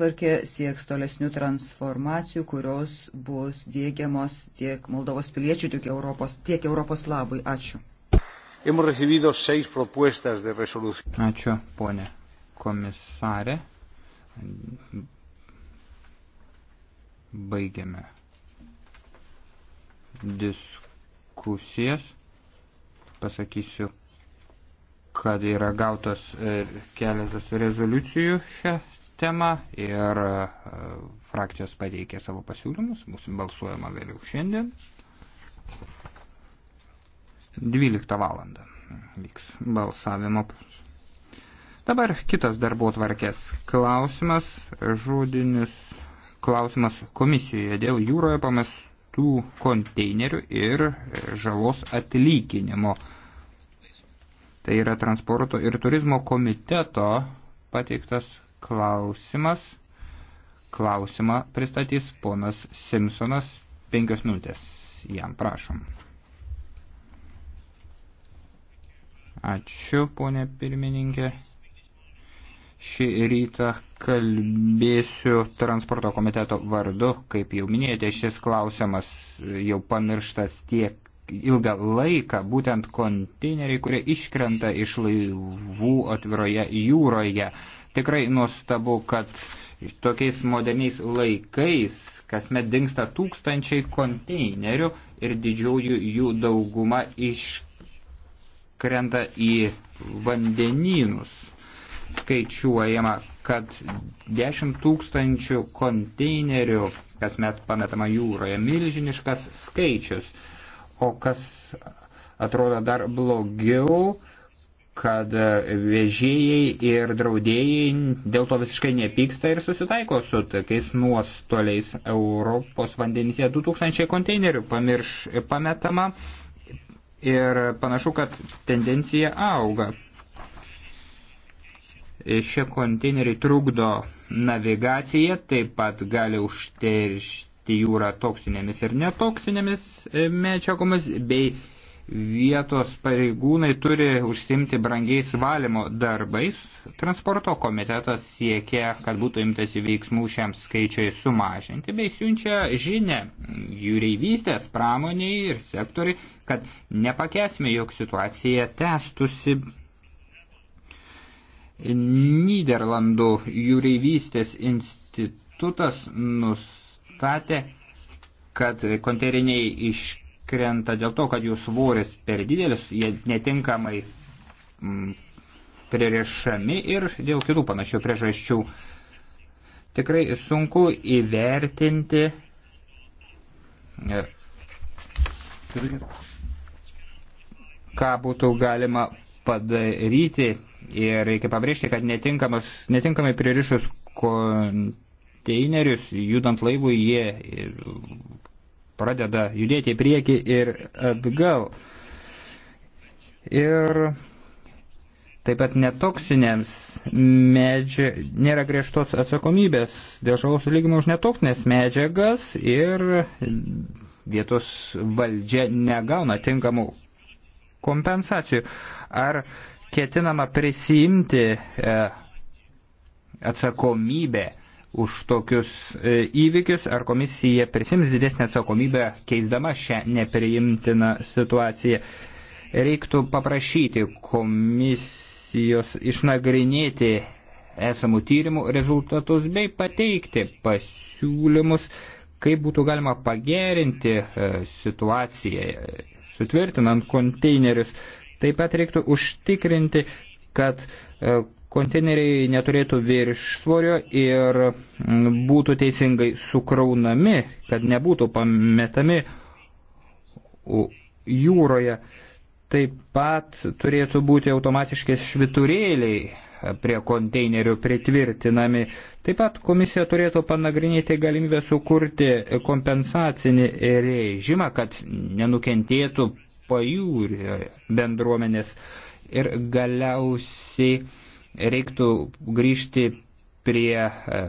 darbotvarkė sieks tolesnių transformacijų, kurios bus dėgiamos tiek Moldovos piliečių, tiek Europos, tiek Europos labui. Ačiū. Ačiū, ponė komisarė. Baigiame diskusijas. Pasakysiu, kad yra gautas e, keletas rezoliucijų šią temą ir e, frakcijos pateikė savo pasiūlymus, bus balsuojama vėliau šiandien. 12 valandą vyks balsavimo. Dabar kitas darbo tvarkės klausimas, žodinis klausimas komisijoje dėl jūroje pamestų konteinerių ir e, žalos atlyginimo. Tai yra transporto ir turizmo komiteto pateiktas klausimas. Klausimą pristatys ponas Simpsonas. Penkios minutės jam prašom. Ačiū, ponė pirmininkė. Šį rytą kalbėsiu transporto komiteto vardu. Kaip jau minėjote, šis klausimas jau pamirštas tiek ilgą laiką, būtent konteineriai, kurie iškrenta iš laivų atviroje jūroje. Tikrai nuostabu, kad tokiais moderniais laikais kasmet dinksta tūkstančiai konteinerių ir didžiųjų jų dauguma iškrenta į vandenynus. Skaičiuojama, kad 10 tūkstančių konteinerių kasmet pametama jūroje milžiniškas skaičius, o kas atrodo dar blogiau, kad vežėjai ir draudėjai dėl to visiškai nepyksta ir susitaiko su tokiais nuostoliais. Europos vandenyse 2000 konteinerių pamirš, pametama ir panašu, kad tendencija auga. Šie konteineriai trukdo navigaciją, taip pat gali užteršti jūrą toksinėmis ir netoksinėmis medžiagomis bei vietos pareigūnai turi užsimti brangiais valymo darbais. Transporto komitetas siekia, kad būtų imtasi veiksmų šiam skaičiai sumažinti, bei siunčia žinę jūreivystės pramoniai ir sektoriai, kad nepakesime, jog situacija testusi. Niderlandų jūreivystės institutas nustatė, kad konteriniai iš krenta dėl to, kad jų svoris per didelis, jie netinkamai mm, pririšami ir dėl kitų panašių priežasčių. Tikrai sunku įvertinti e, ką būtų galima padaryti ir reikia pabrėžti, kad netinkamai pririšus konteinerius, judant laivui, jie pradeda judėti į priekį ir atgal. Ir taip pat netoksinėms medžia... nėra griežtos atsakomybės dėl žalos lygimo už netoksinės medžiagas ir vietos valdžia negauna tinkamų kompensacijų. Ar ketinama prisijimti e, atsakomybę už tokius e, įvykius, ar komisija prisims didesnį atsakomybę keisdama šią nepriimtiną situaciją. Reiktų paprašyti komisijos išnagrinėti esamų tyrimų rezultatus bei pateikti pasiūlymus, kaip būtų galima pagerinti e, situaciją, sutvirtinant konteinerius. Taip pat reiktų užtikrinti, kad e, konteineriai neturėtų viršsvorio ir mm, būtų teisingai sukraunami, kad nebūtų pametami jūroje. Taip pat turėtų būti automatiškai šviturėliai prie konteinerių pritvirtinami. Taip pat komisija turėtų panagrinėti galimybę sukurti kompensacinį režimą, kad nenukentėtų pajūrio bendruomenės. Ir galiausiai reiktų grįžti prie e,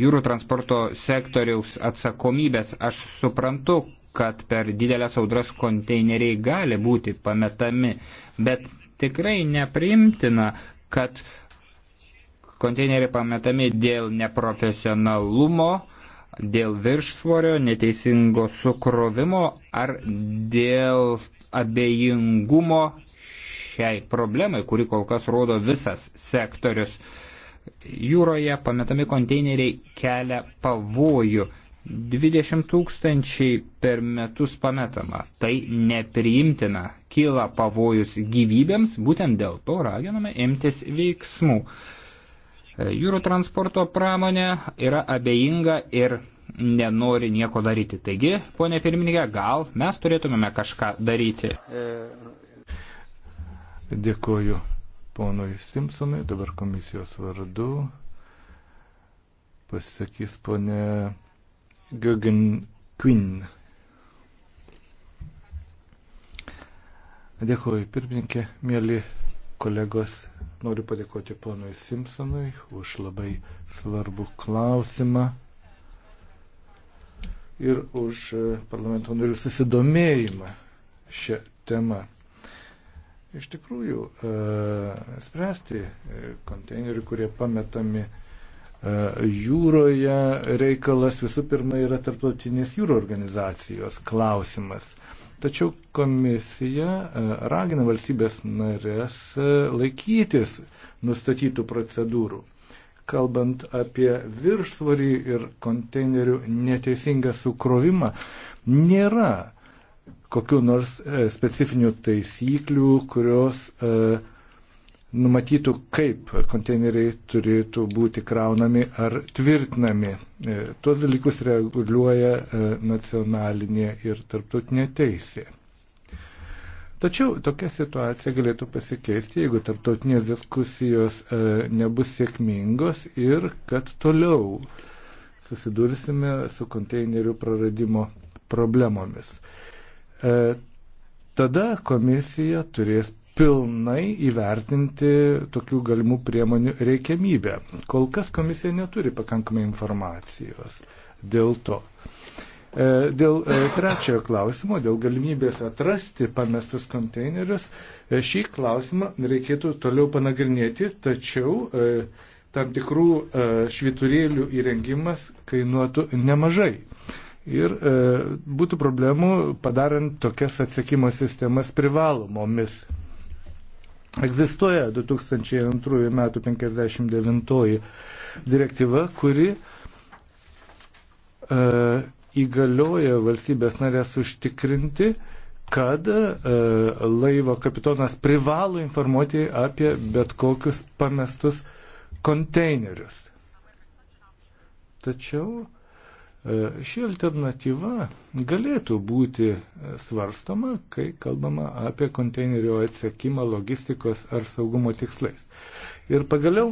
jūrų transporto sektoriaus atsakomybės. Aš suprantu, kad per didelės audras konteineriai gali būti pametami, bet tikrai nepriimtina, kad konteineriai pametami dėl neprofesionalumo, dėl viršsvorio, neteisingo sukrovimo ar dėl abejingumo šiai problemai, kuri kol kas rodo visas sektorius. Jūroje pametami konteineriai kelia pavojų. 20 tūkstančiai per metus pametama. Tai nepriimtina. Kyla pavojus gyvybėms, būtent dėl to raginame imtis veiksmų. Jūrų transporto pramonė yra abejinga ir nenori nieko daryti. Taigi, ponė pirmininkė, gal mes turėtumėme kažką daryti. E, Dėkoju ponui Simpsonui, dabar komisijos vardu pasisakys ponė Gögen Quinn. Dėkoju pirmininkė, mėly kolegos, noriu padėkoti ponui Simpsonui už labai svarbų klausimą ir už parlamento narių susidomėjimą šią temą iš tikrųjų e, spręsti e, konteinerių, kurie pametami e, jūroje reikalas visų pirma yra tarptautinės jūro organizacijos klausimas. Tačiau komisija ragina valstybės narės laikytis nustatytų procedūrų. Kalbant apie viršsvarį ir konteinerių neteisingą sukrovimą, nėra kokiu nors e, specifinių taisyklių, kurios e, numatytų, kaip konteineriai turėtų būti kraunami ar tvirtinami. E, tuos dalykus reguliuoja nacionalinė ir tarptautinė teisė. Tačiau tokia situacija galėtų pasikeisti, jeigu tarptautinės diskusijos nebus sėkmingos ir kad toliau susidursime su konteinerių praradimo problemomis. E, tada komisija turės pilnai įvertinti tokių galimų priemonių reikiamybę. Kol kas komisija neturi pakankamai informacijos dėl to. E, dėl e, trečiojo klausimo, dėl galimybės atrasti pamestus konteinerius, šį klausimą reikėtų toliau panagrinėti, tačiau tam tikrų šviturėlių įrengimas kainuotų nemažai ir e, būtų problemų padarant tokias atsiekimo sistemas privalomomis. Egzistuoja 2002 m. 59 direktyva, kuri e, įgalioja valstybės narės užtikrinti, kad e, laivo kapitonas privalo informuoti apie bet kokius pamestus konteinerius. Tačiau E, ši alternatyva galėtų būti svarstoma, kai kalbama apie konteinerio atsiekimą logistikos ar saugumo tikslais. Ir pagaliau,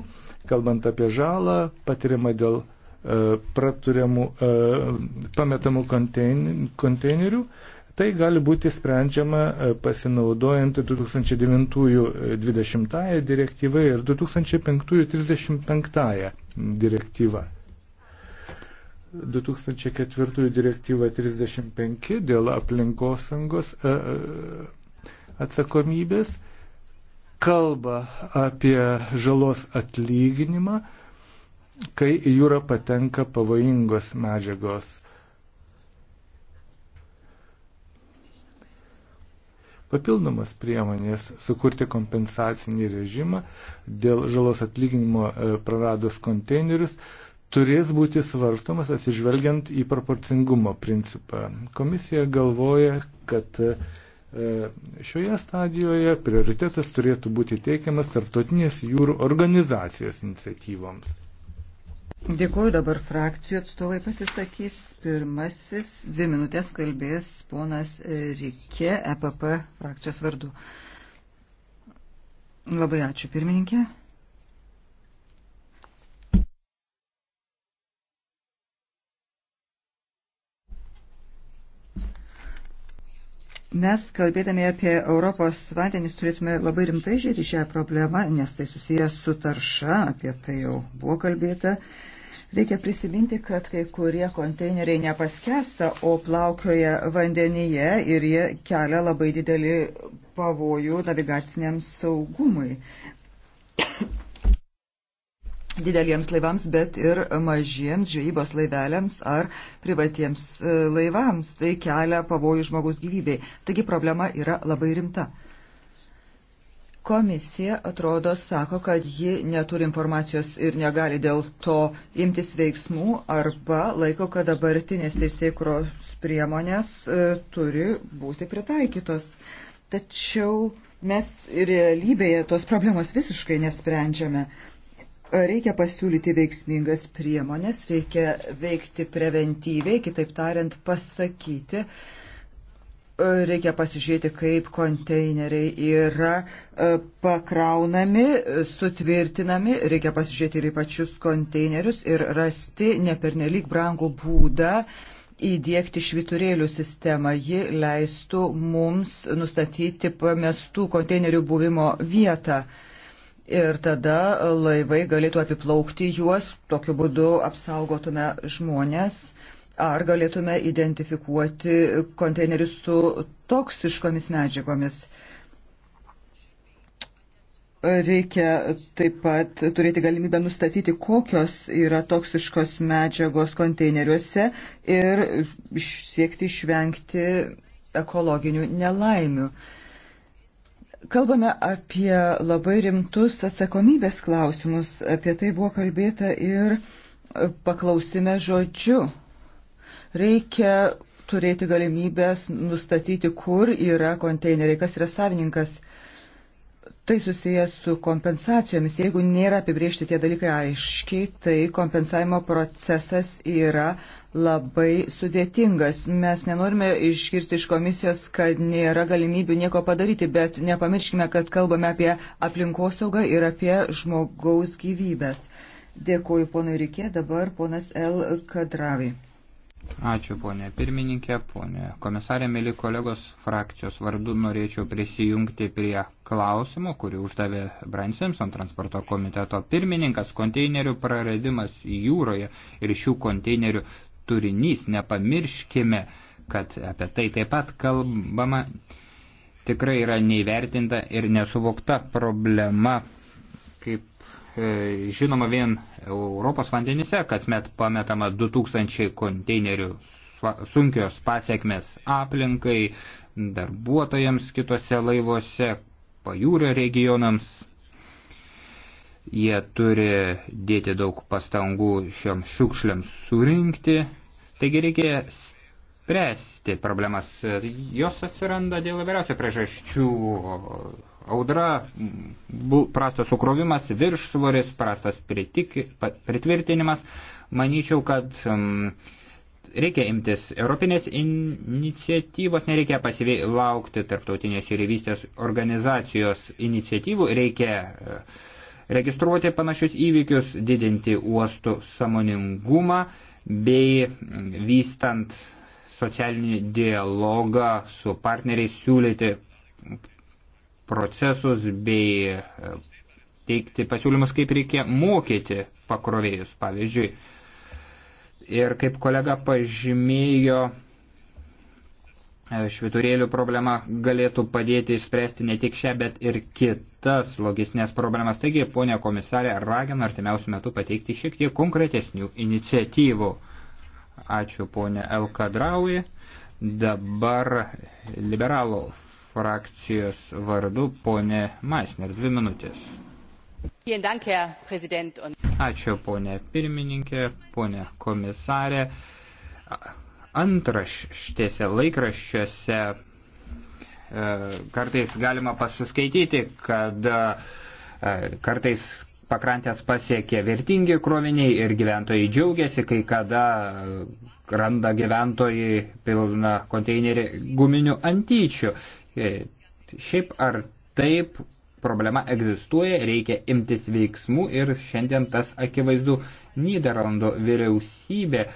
kalbant apie žalą patiriamą dėl e, praturiamų, e, pametamų konteinerių, tai gali būti sprendžiama pasinaudojant 2009-20 direktyvą ir 2005-35 direktyvą. 2004 direktyva 35 dėl aplinkosangos e, e, atsakomybės kalba apie žalos atlyginimą, kai į jūrą patenka pavojingos medžiagos. Papildomas priemonės sukurti kompensacinį režimą dėl žalos atlyginimo e, praradus konteinerius turės būti svarstomas atsižvelgiant į proporcingumo principą. Komisija galvoja, kad e, šioje stadijoje prioritetas turėtų būti teikiamas tarptautinės jūrų organizacijos iniciatyvoms. Dėkuoju dabar frakcijų atstovai pasisakys. Pirmasis dvi minutės kalbės ponas Rikė, EPP frakcijos vardu. Labai ačiū pirmininkė. Mes, kalbėdami apie Europos vandenis, turėtume labai rimtai žiūrėti šią problemą, nes tai susijęs su tarša, apie tai jau buvo kalbėta. Reikia prisiminti, kad kai kurie konteineriai nepaskesta, o plaukioja vandenyje ir jie kelia labai didelį pavojų navigaciniam saugumui dideliems laivams, bet ir mažiems žvejybos laiveliams ar privatiems e, laivams. Tai kelia pavojų žmogus gyvybei. Taigi problema yra labai rimta. Komisija atrodo sako, kad ji neturi informacijos ir negali dėl to imtis veiksmų arba laiko, kad dabartinės teisėkros priemonės e, turi būti pritaikytos. Tačiau mes realybėje tos problemos visiškai nesprendžiame. Reikia pasiūlyti veiksmingas priemonės, reikia veikti preventyviai, kitaip tariant, pasakyti, reikia pasižiūrėti, kaip konteineriai yra e, pakraunami, sutvirtinami, reikia pasižiūrėti ir į pačius konteinerius ir rasti nepernelyg brangų būdą įdėkti šviturėlių sistemą. Ji leistų mums nustatyti pamestų konteinerių buvimo vietą ir tada laivai galėtų apiplaukti juos, tokiu būdu apsaugotume žmonės ar galėtume identifikuoti konteinerius su toksiškomis medžiagomis. Reikia taip pat turėti galimybę nustatyti, kokios yra toksiškos medžiagos konteineriuose ir siekti išvengti ekologinių nelaimių. Kalbame apie labai rimtus atsakomybės klausimus. Apie tai buvo kalbėta ir paklausime žodžiu. Reikia turėti galimybės nustatyti, kur yra konteineriai, kas yra savininkas tai susijęs su kompensacijomis. Jeigu nėra apibriežti tie dalykai aiškiai, tai kompensavimo procesas yra labai sudėtingas. Mes nenorime iškirsti iš komisijos, kad nėra galimybių nieko padaryti, bet nepamirškime, kad kalbame apie aplinkosaugą ir apie žmogaus gyvybės. Dėkuoju ponui Rikė, dabar ponas L. Kadravi. Ačiū, ponė pirmininkė, ponė komisarė, mėly kolegos frakcijos vardu norėčiau prisijungti prie klausimo, kurį uždavė Brian Simpson transporto komiteto pirmininkas. Konteinerių praradimas jūroje ir šių konteinerių turinys, nepamirškime, kad apie tai taip pat kalbama, tikrai yra neįvertinta ir nesuvokta problema, kaip E, žinoma, vien Europos vandenyse kasmet pametama 2000 konteinerių sunkios pasiekmes aplinkai, darbuotojams kitose laivuose, pajūrio regionams. Jie turi dėti daug pastangų šioms šiukšliams surinkti. Taigi reikia spręsti problemas. Jos atsiranda dėl įvairiausių priežasčių. Audra, prastas sukrovimas, viršsvoris, prastas pritik, pritvirtinimas. Manyčiau, kad um, reikia imtis Europinės iniciatyvos, nereikia pasyviai laukti tarptautinės jūrivystės organizacijos iniciatyvų, reikia uh, registruoti panašius įvykius, didinti uostų samoningumą bei um, vystant socialinį dialogą su partneriais siūlyti procesus bei e, teikti pasiūlymus, kaip reikia mokyti pakrovėjus, pavyzdžiui. Ir kaip kolega pažymėjo, e, šviturėlių problema galėtų padėti išspręsti ne tik šią, bet ir kitas logistinės problemas. Taigi, ponė komisarė, ragina artimiausių metų pateikti šiek tiek konkretesnių iniciatyvų. Ačiū ponė Elkadraui. Dabar liberalų frakcijos vardu ponė Maisner. Dvi minutės. Ačiū ponė pirmininkė, ponė komisarė. Antraštėse laikraščiuose e, kartais galima pasiskaityti, kad e, kartais pakrantės pasiekė vertingi kroviniai ir gyventojai džiaugiasi, kai kada randa gyventojai pilną konteinerį guminių antyčių. E, šiaip ar taip problema egzistuoja, reikia imtis veiksmų ir šiandien tas akivaizdu Niderlandų vyriausybė uh,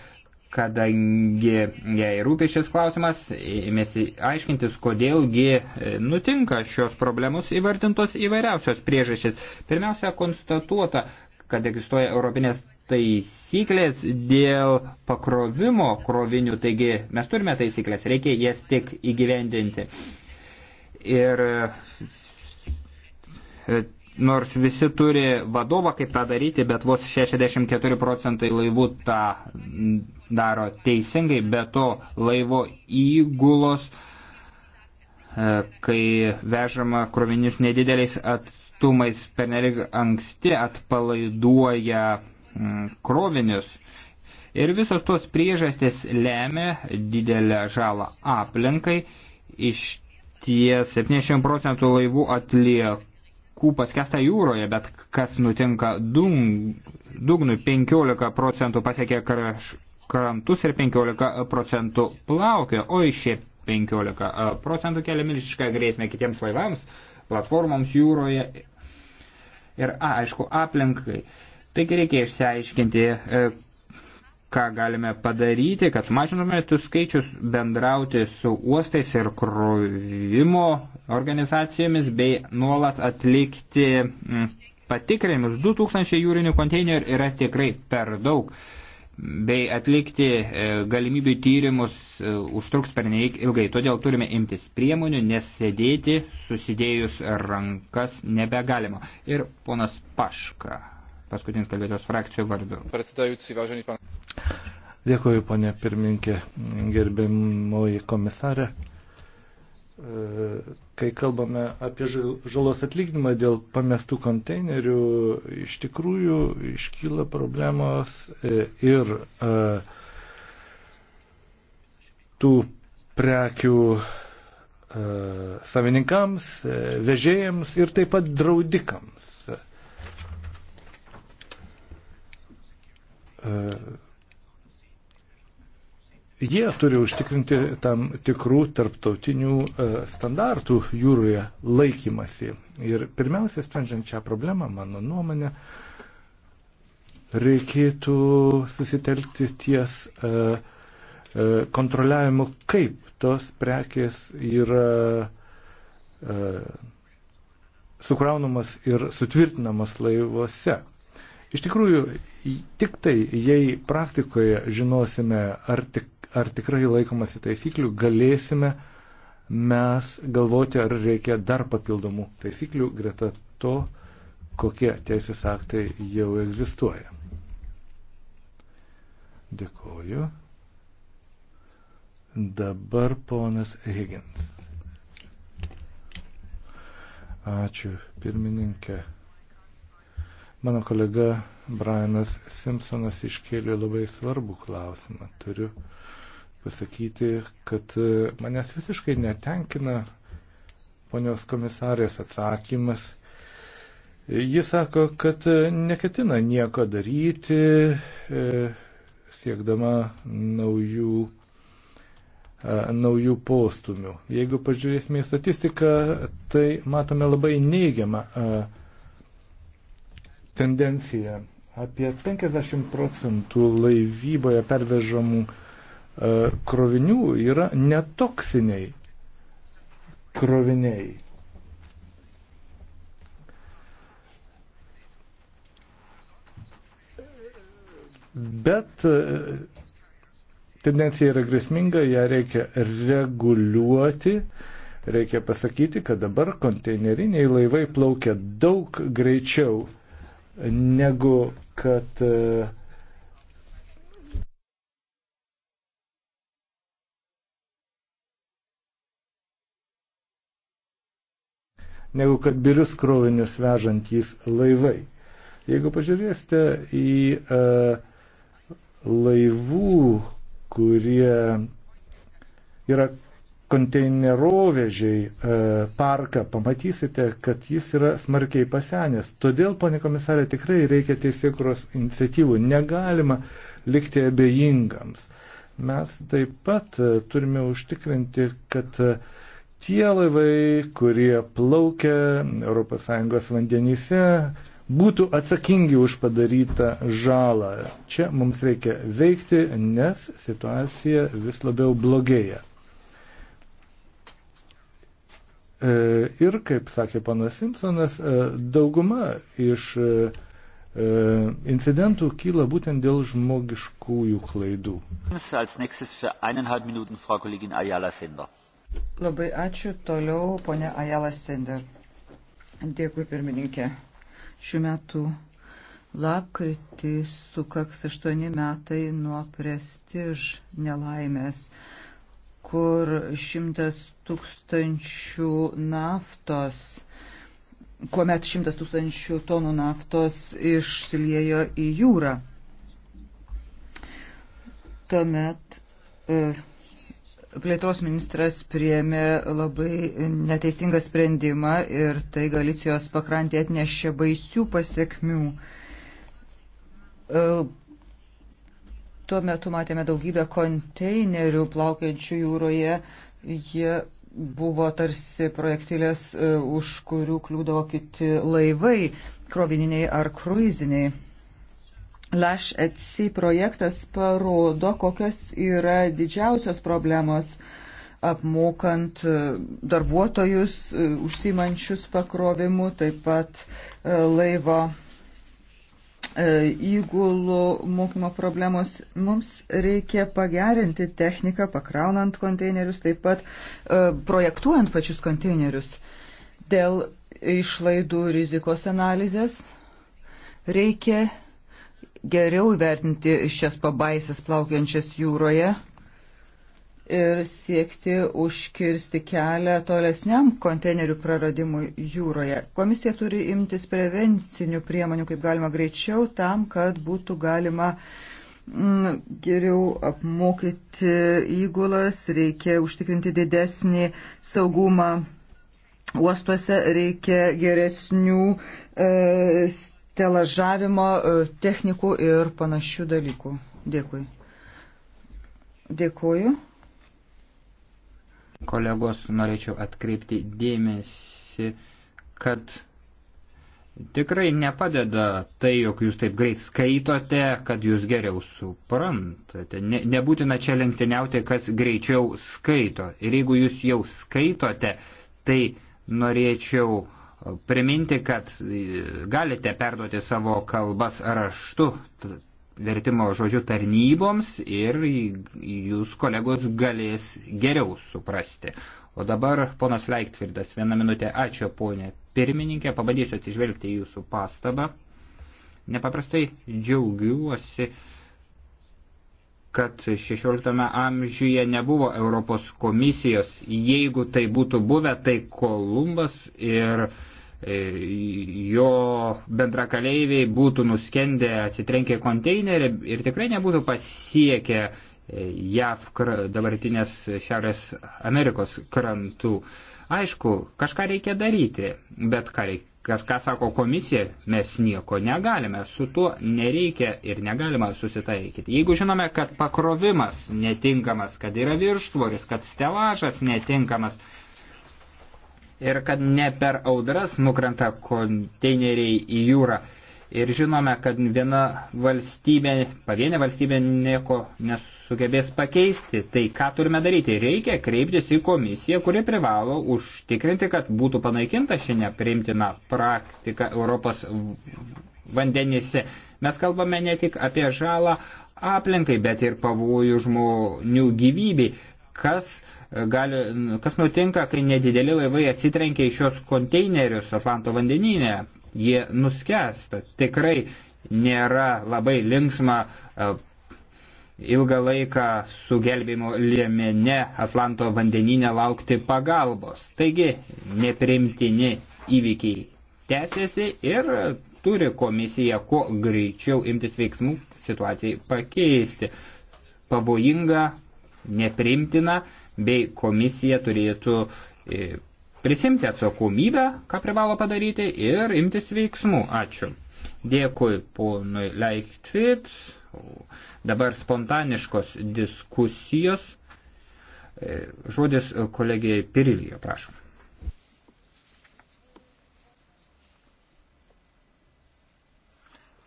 kadangi jai rūpi šis klausimas, ėmėsi aiškintis, kodėlgi e, nutinka šios problemus įvardintos įvairiausios priežasčios. Pirmiausia, konstatuota, kad egzistuoja europinės taisyklės dėl pakrovimo krovinių, taigi mes turime taisyklės, reikia jas tik įgyvendinti. Ir e, nors visi turi vadovą, kaip tą daryti, bet vos 64 procentai laivų tą daro teisingai, be to laivo įgulos, e, kai vežama krovinius nedideliais atstumais pernelyg anksti atpalaiduoja mm, krovinius. Ir visos tos priežastys lemia didelę žalą aplinkai. Iš ties 70 procentų laivų atliek laivų paskesta jūroje, bet kas nutinka dung, dugnui 15 procentų pasiekia kraš, krantus ir 15 procentų plaukia, o iš šie 15 e, procentų kelia milžišką grėsmę kitiems laivams, platformoms jūroje ir, a, aišku, aplinkai. Taigi reikia išsiaiškinti, e, ką galime padaryti, kad sumažintume tų skaičius bendrauti su uostais ir krovimo organizacijomis bei nuolat atlikti mm, patikrinimus. 2000 jūrinių konteinerių yra tikrai per daug bei atlikti e, galimybių tyrimus e, užtruks per neik ilgai. Todėl turime imtis priemonių, nes sėdėti susidėjus rankas nebegalima. Ir ponas Paška paskutinis kalbėtos frakcijų vardu. Dėkuoju, ponė pirminkė, gerbimoji komisarė. E, kai kalbame apie žalos atlyginimą dėl pamestų konteinerių, iš tikrųjų iškyla problemos e, ir e, tų prekių savininkams, vežėjams ir taip pat draudikams. jie turi užtikrinti tam tikrų tarptautinių e, standartų jūroje laikymasi. Ir pirmiausia, sprendžiant šią problemą, mano nuomonė, reikėtų susitelkti ties e, e, kontroliavimu, kaip tos prekės yra sukraunamas ir sutvirtinamas laivuose. Iš tikrųjų, tik tai, jei praktikoje žinosime, ar, tik, ar tikrai laikomasi taisyklių, galėsime mes galvoti, ar reikia dar papildomų taisyklių greta to, kokie teisės aktai jau egzistuoja. Dėkoju. Dabar ponas Higgins. Ačiū, pirmininkė. Mano kolega Brianas Simpsonas iškėlė labai svarbų klausimą. Turiu pasakyti, kad e, manęs visiškai netenkina ponios komisarės atsakymas. Jis sako, kad e, neketina nieko daryti, e, siekdama naujų, naujų postumių. Jeigu pažiūrėsime į statistiką, tai matome labai neigiamą. A, tendencija. Apie 50 procentų laivyboje pervežamų e, krovinių yra netoksiniai kroviniai. Bet e, tendencija yra grėsminga, ją reikia reguliuoti. Reikia pasakyti, kad dabar konteineriniai laivai plaukia daug greičiau negu kad e, negu kad birius krovinius vežantys laivai. Jeigu pažiūrėsite į e, laivų, kurie yra konteinerovežiai e, parką, pamatysite, kad jis yra smarkiai pasenęs. Todėl, ponė komisarė, tikrai reikia teisėkuros iniciatyvų. Negalima likti abejingams. Mes taip pat e, turime užtikrinti, kad e, tie laivai, kurie plaukia ES vandenyse, būtų atsakingi už padarytą žalą. Čia mums reikia veikti, nes situacija vis labiau blogėja. E, ir, kaip sakė panas Simpsonas, e, dauguma iš e, incidentų kyla būtent dėl žmogiškųjų klaidų. Labai ačiū. Toliau ponia Ajala Sender. Dėkui, pirmininkė. Šiuo metu lapkritį sukaks aštuoni metai nuo prestiž nelaimės kur šimtas tūkstančių naftos kuomet šimtas tūkstančių tonų naftos išsiliejo į jūrą. Tuomet e, plėtros ministras priėmė labai neteisingą sprendimą ir tai Galicijos pakrantė atnešė baisių pasiekmių. E, Tuo metu matėme daugybę konteinerių plaukiančių jūroje. Jie buvo tarsi projektilės, e, už kurių kliūdavo kiti laivai, krovininiai ar kruiziniai. Lash at Sea projektas parodo, kokios yra didžiausios problemos apmokant e, darbuotojus, e, užsimančius pakrovimu, taip pat laivo E, įgulų mokymo problemos. Mums reikia pagerinti techniką, pakraunant konteinerius, taip pat e, projektuojant pačius konteinerius. Dėl išlaidų rizikos analizės reikia geriau vertinti šias pabaisas plaukiančias jūroje, ir siekti užkirsti kelią tolesniam konteinerių praradimui jūroje. Komisija turi imtis prevencinių priemonių kaip galima greičiau tam, kad būtų galima mm, geriau apmokyti įgulas, reikia užtikrinti didesnį saugumą uostuose, reikia geresnių e, stelažavimo e, technikų ir panašių dalykų. Dėkui. Dėkuoju. Kolegos, norėčiau atkreipti dėmesį, kad tikrai nepadeda tai, jog jūs taip greit skaitote, kad jūs geriau suprantate. Ne, nebūtina čia lenktyniauti, kas greičiau skaito. Ir jeigu jūs jau skaitote, tai norėčiau priminti, kad galite perduoti savo kalbas raštu vertimo žodžiu tarnyboms ir jūs kolegos galės geriau suprasti. O dabar ponas Leiktvirdas, vieną minutę, ačiū ponė pirmininkė, pabandysiu atsižvelgti jūsų pastabą. Nepaprastai džiaugiuosi, kad 16 amžiuje nebuvo Europos komisijos. Jeigu tai būtų buvę, tai Kolumbas ir E, jo bendrakaleiviai būtų nuskendę, atsitrenkę konteinerį ir tikrai nebūtų pasiekę e, JAV dabartinės Šiaurės Amerikos krantų. Aišku, kažką reikia daryti, bet ką, kažką sako komisija, mes nieko negalime, su tuo nereikia ir negalima susitaikyti. Jeigu žinome, kad pakrovimas netinkamas, kad yra viršsvoris, kad stelažas netinkamas, ir kad ne per audras nukrenta konteineriai į jūrą. Ir žinome, kad viena valstybė, pavienė valstybė nieko nesugebės pakeisti. Tai ką turime daryti? Reikia kreiptis į komisiją, kuri privalo užtikrinti, kad būtų panaikinta ši nepriimtina praktika Europos vandenyse. Mes kalbame ne tik apie žalą aplinkai, bet ir pavojų žmonių gyvybei. Kas uh, gali, kas nutinka, kai nedideli laivai atsitrenkia į šios konteinerius Atlanto vandenyne, jie nuskęsta. Tikrai nėra labai linksma e, ilgą laiką su gelbėjimo liemene Atlanto vandenyne laukti pagalbos. Taigi neprimtini įvykiai tęsiasi ir turi komisija kuo greičiau imtis veiksmų situacijai pakeisti. Pavojinga, neprimtina bei komisija turėtų e, prisimti atsakomybę, ką privalo padaryti ir imtis veiksmų. Ačiū. Dėkui ponui Leichtfried. Dabar spontaniškos diskusijos. E, žodis kolegijai Pirilijo, prašom.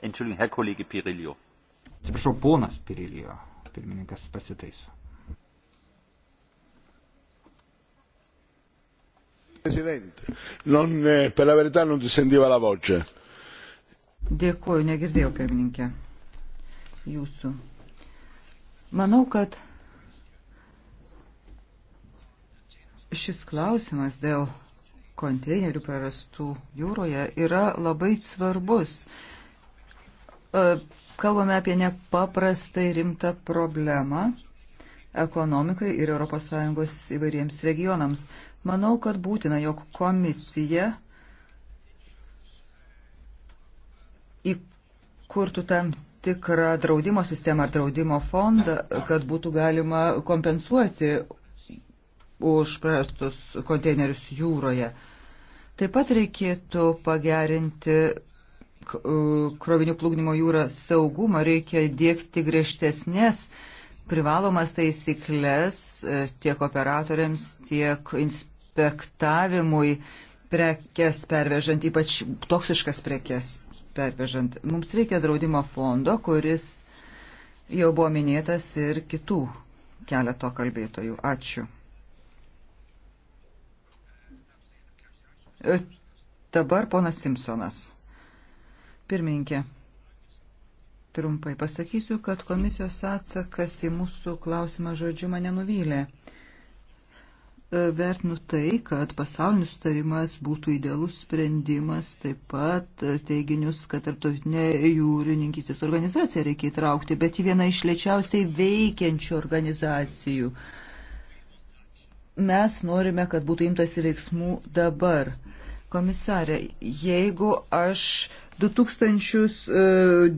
Entschuldigung, Herr Kollege Pirilio. Atsiprašau, ponas Pirilio. Pirmininkas pasitaiso. Presidente, non, eh, per la verità non ti sentiva la voce. Dėkuoju, negirdėjau, pirmininkė, jūsų. Manau, kad šis klausimas dėl konteinerių prarastų jūroje yra labai svarbus. E, kalbame apie nepaprastai rimtą problemą ekonomikai ir ES įvairiems regionams. Manau, kad būtina, jog komisija įkurtų tam tikrą draudimo sistemą ar draudimo fondą, kad būtų galima kompensuoti už prarastus konteinerius jūroje. Taip pat reikėtų pagerinti krovinių plūgnimo jūrą saugumą, reikia dėkti griežtesnės privalomas taisyklės e, tiek operatoriams, tiek inspektoriams prospektavimui prekes pervežant, ypač toksiškas prekes pervežant. Mums reikia draudimo fondo, kuris jau buvo minėtas ir kitų keleto kalbėtojų. Ačiū. E, dabar ponas Simpsonas. Pirmininkė, trumpai pasakysiu, kad komisijos atsakas į mūsų klausimą žodžiu mane nuvylė. E, vertinu tai, kad pasaulinis sutarimas būtų idealus sprendimas, taip pat e, teiginius, kad tarptautinė jūrininkystės organizacija reikia įtraukti, bet į vieną iš lėčiausiai veikiančių organizacijų. Mes norime, kad būtų imtas veiksmų dabar. Komisarė, jeigu aš 2000 e,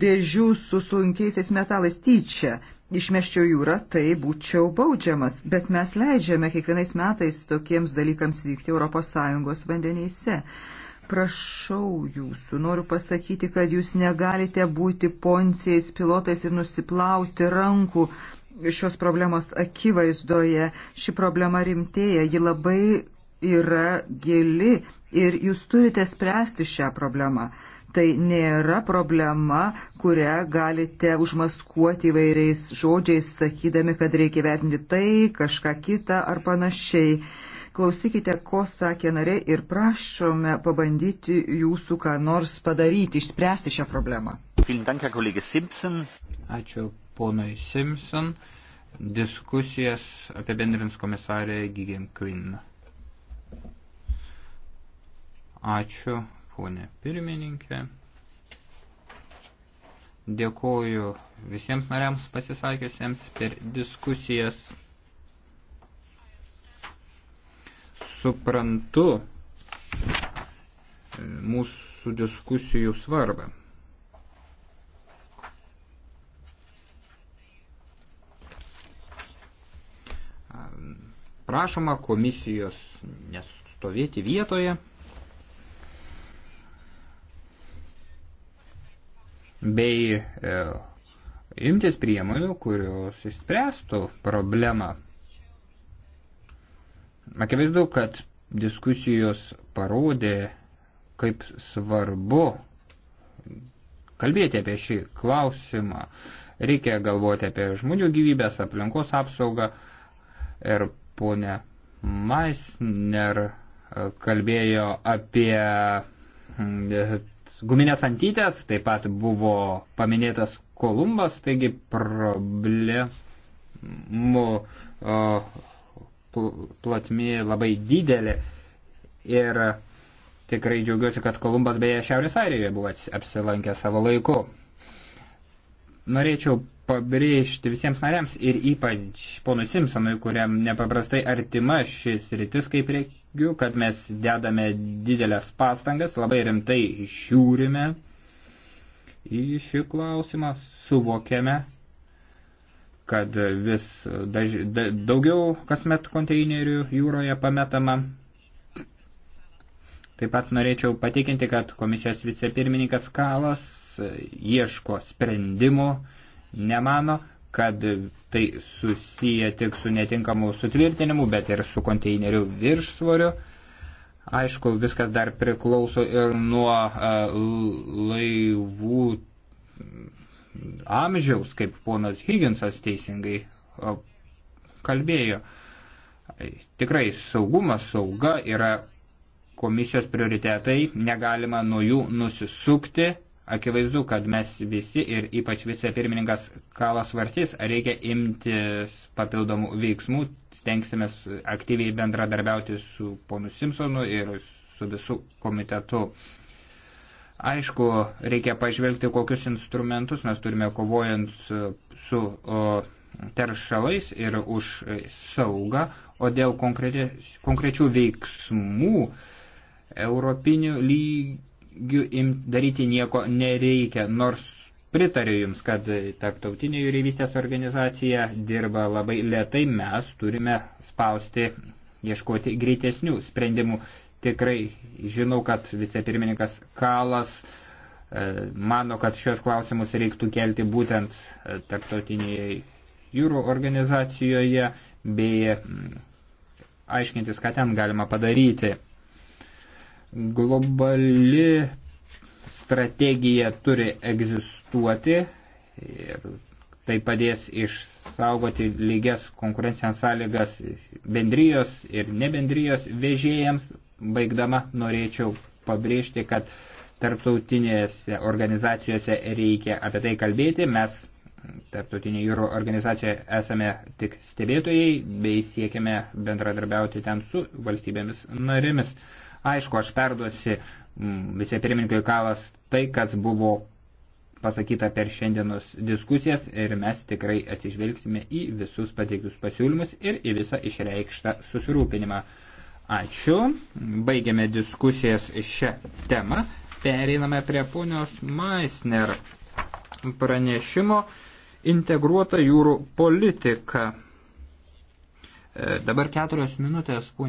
dėžių su sunkiaisiais metalais tyčia išmeščiau jūrą, tai būčiau baudžiamas. Bet mes leidžiame kiekvienais metais tokiems dalykams vykti ES vandenyse. Prašau jūsų, noriu pasakyti, kad jūs negalite būti poncijais, pilotais ir nusiplauti rankų šios problemos akivaizdoje. Ši problema rimtėja, ji labai yra gili ir jūs turite spręsti šią problemą. Tai nėra problema, kurią galite užmaskuoti įvairiais žodžiais, sakydami, kad reikia vertinti tai, kažką kitą ar panašiai. Klausykite, ko sakė nariai ir prašome pabandyti jūsų ką nors padaryti, išspręsti šią problemą. Ačiū ponui Simpson. Diskusijas apibendrins komisarė Gigim Quinn. Ačiū ponė pirmininkė. Dėkoju visiems nariams pasisakiusiems per diskusijas. Suprantu e, mūsų diskusijų svarbą. Prašoma komisijos nestovėti vietoje. bei e, imtis priemonių, kurios išspręstų problemą. Akivaizdu, kad diskusijos parodė, kaip svarbu kalbėti apie šį klausimą. Reikia galvoti apie žmonių gyvybės, aplinkos apsaugą ir ponė Maisner kalbėjo apie guminės antytės, taip pat buvo paminėtas Kolumbas, taigi problemų plotmė labai didelė. Ir tikrai džiaugiuosi, kad Kolumbas beje Šiaurės Airijoje buvo apsilankę savo laiku. Norėčiau pabrėžti visiems nariams ir ypač ponui Simpsonui, kuriam nepaprastai artima šis rytis, kaip reikiu, kad mes dedame didelės pastangas, labai rimtai žiūrime į šį klausimą, suvokiame, kad vis daž, da, daugiau kasmet konteinerių jūroje pametama. Taip pat norėčiau patikinti, kad komisijos vicepirmininkas Kalas ieško sprendimo, nemano, kad tai susiję tik su netinkamu sutvirtinimu, bet ir su konteineriu viršsvoriu. Aišku, viskas dar priklauso ir nuo e, laivų amžiaus, kaip ponas Higginsas teisingai e, kalbėjo. Tikrai saugumas, sauga yra komisijos prioritetai, negalima nuo jų nusisukti Akivaizdu, kad mes visi ir ypač vicepirmininkas Kalas Vartys reikia imtis papildomų veiksmų, stengsime aktyviai bendradarbiauti su ponu Simpsonu ir su visų komitetu. Aišku, reikia pažvelgti, kokius instrumentus mes turime kovojant su o, teršalais ir už saugą, o dėl konkrečių veiksmų europinių lygių daryti nieko nereikia, nors pritariu Jums, kad tarptautinė jūreivystės organizacija dirba labai lietai, mes turime spausti, ieškoti greitesnių sprendimų. Tikrai žinau, kad vicepirmininkas Kalas e, mano, kad šios klausimus reiktų kelti būtent e, tarptautinėje jūrų organizacijoje bei mm, aiškintis, ką ten galima padaryti. Globali strategija turi egzistuoti ir tai padės išsaugoti lygias konkurencijos sąlygas bendrijos ir nebendrijos vežėjams. Baigdama norėčiau pabrėžti, kad tarptautinėse organizacijose reikia apie tai kalbėti. Mes tarptautinė jūro organizacija esame tik stebėtojai bei siekiame bendradarbiauti ten su valstybėmis narėmis. Aišku, aš perduosi mm, vicepirmininkui Kalas tai, kas buvo pasakyta per šiandienos diskusijas ir mes tikrai atsižvelgsime į visus pateiktus pasiūlymus ir į visą išreikštą susirūpinimą. Ačiū. Baigiame diskusijas šią temą. Pereiname prie ponios Maisner pranešimo integruota jūrų politika. E, dabar keturios minutės.